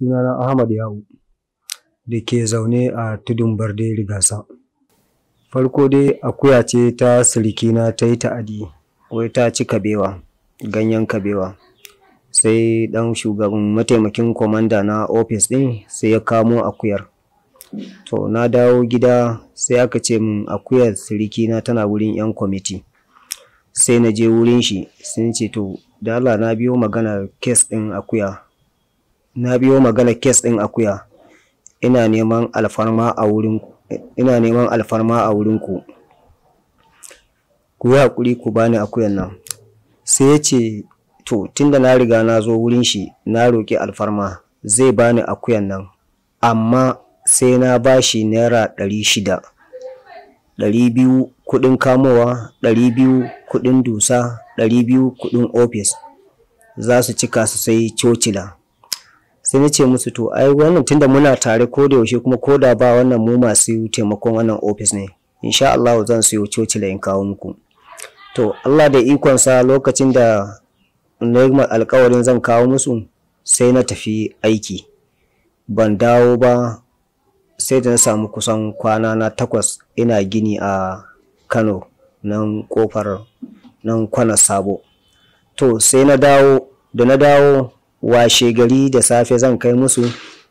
sunana Ahmad Yawo da ke zaune a tudun barde rigasa. Farko dai akuya ce ta sirikina ta yi ta'adi, wai ta ci kabewa, ganyen kabewa. Sai ɗan shugaban mataimakin kwamanda na ofis ɗin sai ya kamo akuyar. To, na dawo gida sai aka ce min akuyar sirikina tana wurin 'yan kwamiti. Sai na je wurin shi sun ce to, da Allah na biyo magana kes ɗin akuya na biyo magana kes ɗin akuya ina neman alfarma a wurin ina neman alfarma a wurin ku ku yi hakuri ku bani akuyan nan sai ya ce to tunda na riga na zo wurin shi na roƙi alfarma zai bani akuyan nan amma sai na ba shi naira ɗari shida ɗari biyu kuɗin kamowa ɗari biyu kuɗin dusa ɗari biyu kuɗin ofis za su cika su sai cocila sai na ce musu to ai wannan tunda muna tare ko da yaushe kuma ko da ba wannan mu masu taimakon wannan ofis ne insha Allah zan siyo cocila in kawo muku to Allah da ikon sa lokacin da na yi alkawarin zan kawo musu sai na tafi aiki ban dawo ba sai da na samu kusan kwana na takwas ina gini a Kano nan kofar nan kwana sabo to sai na dawo da na dawo washe gari da safe zan kai musu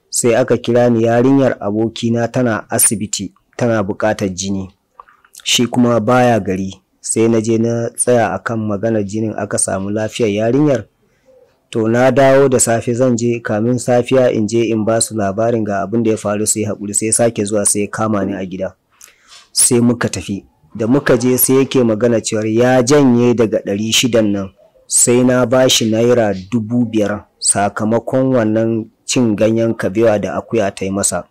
sai aka kira ni yarinyar abokina tana asibiti tana buƙatar jini shi kuma baya gari sai na je na tsaya akan maganar jinin aka samu lafiyar yarinyar to na dawo da safe zan je kamin safiya in je in ba su labarin ga abin da ya faru sai haƙuri sai sake zuwa sai kama ni a gida sai muka tafi da muka je sai yake magana cewar ya janye daga ɗari shidan nan sai na ba shi naira dubu biyar sakamakon wannan cin ganyen kabewa da akuya ta yi masa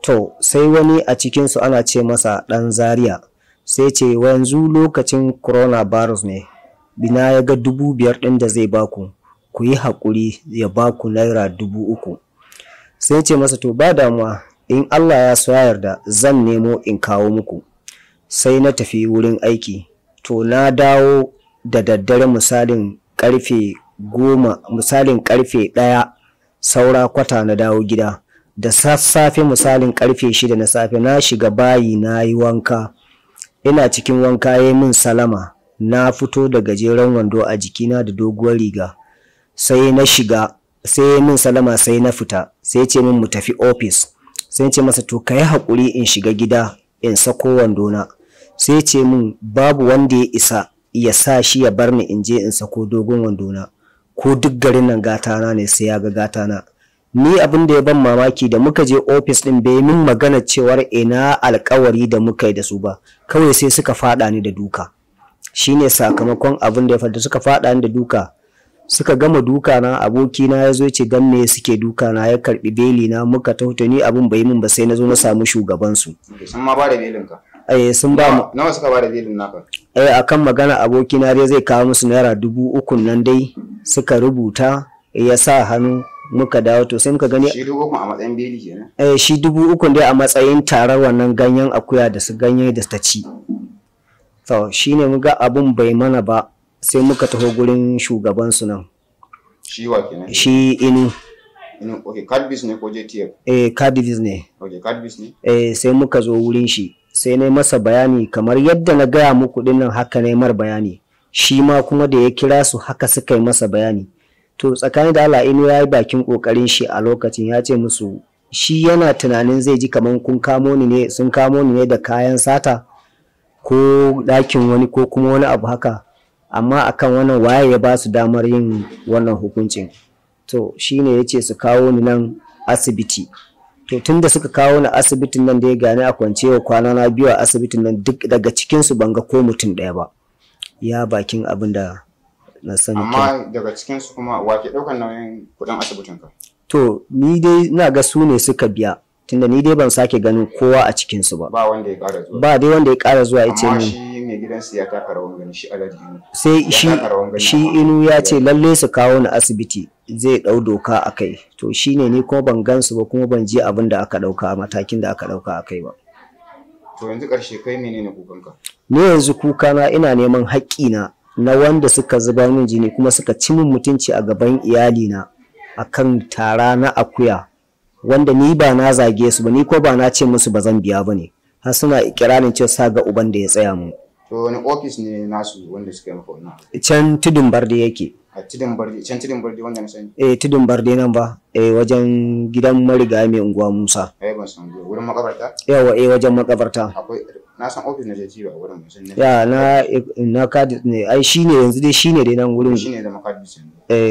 to sai wani a cikinsu ana ce masa ɗan zaria sai ce yanzu lokacin coronavirus ne bina ya ga dubu biyar ɗin da zai baku ku yi haƙuri ya baku naira dubu uku sai ce masa to ba damuwa in allah ya so da zan nemo in kawo muku sai na tafi wurin aiki to na dawo da daddare misalin karfe goma misalin karfe ɗaya saura kwata na dawo gida da sassafe misalin karfe shida na safe na shiga bayi na yi wanka ina cikin wanka ya min salama na fito da gajeren wando a jikina da doguwar riga sai na shiga sai min salama sai na fita sai ce min mu tafi ofis sai ce masa to ka yi haƙuri in shiga gida in sako wandona sai ce min babu wanda ya isa ya sa shi ya bar ni in je in sako dogon wando na? ko duk garin nan gatana ne sai ya ga gata na? ni abin da ya ban mamaki da muka je ofis din bai min magana cewar ina alkawari da muka yi da su ba kawai sai suka fada ni da duka shine sakamakon abin da ya faru suka fada ni da duka suka gama duka na aboki na ya zo ce dan me suke duka na ya karbi beli na muka tautani ni abin bai min ba sai na zo na samu shugaban su sun ma ba belin ka eh sun ba mu nawa suka ba da bilin naka eh akan magana abokina dai zai kawo musu naira dubu uku nan dai suka rubuta eh, ya sa hannu muka dawo to sai muka gani shi dubu uku a matsayin beli kenan eh shi dubu uku dai a matsayin tarar wannan ganyen akuya da su ganye da ta ci to shi ne muga abun bai mana ba sai muka taho gurin shugaban su nan shi wa kenan shi inu inu okay business ne ko JTF eh card business ne okay card business ne eh sai muka zo wurin shi sai na masa bayani kamar yadda na gaya muku dinnan haka na mar bayani shi ma kuma da ya kira su haka suka yi masa bayani to tsakanin da Allah ino ya yi bakin kokarin shi a lokacin ya ce musu shi yana tunanin zai ji kamar kun kamo ni ne sun kamo ni ne da kayan sata ko ɗakin wani ko kuma wani abu haka amma akan wannan waye ya ba su damar yin wannan hukuncin to shine ya ce su kawo ni nan asibiti to tun da suka kawo ni asibitin nan da ya gane a wa kwana na biyu a asibitin nan duk daga cikin su ban ga ko mutum ɗaya ba ya bakin abin da na sani amma daga cikin su kuma wa ke nauyin kudin asibitin ka to ni dai na ga su ne suka biya tunda ni dai ban sake ganin kowa a cikin su ba ba wanda ya kara zuwa ba dai wanda ya ƙara zuwa ya ce min gidansu ya taka rawan gani shi alhaji sai shi shi inu ya ce lalle su kawo ni asibiti zai dau doka a kai to shine ni kuma ban gansu ba kuma ban ji abin da aka dauka matakin da aka dauka a kai ba to yanzu karshe kai menene kukanka ni yanzu kukana ina neman haƙƙina na wanda suka zuba min jini kuma suka ci min mutunci a gaban iyalina akan tara na akuya wanda ni ba na zage su ba ni ko ba na ce musu ba zan biya ba ne har suna ikirarin cewa sa ga uban da ya tsaya mu To wani ofis ne nasu wanda suka yi maka wannan? Can tudun barde yake. A tudun barde, can tudun barde wanda na sani? Eh tudun barde nan ba, eh wajen gidan mariga mai unguwa Musa. Eh ban san ba, wurin makabarta? Yawa eh wajen makabarta. Akwai na san ofis na jeji ba wurin musan ne. Ya na na kadi ne, ai shine yanzu dai shine dai nan wurin. Shine da makadi. Eh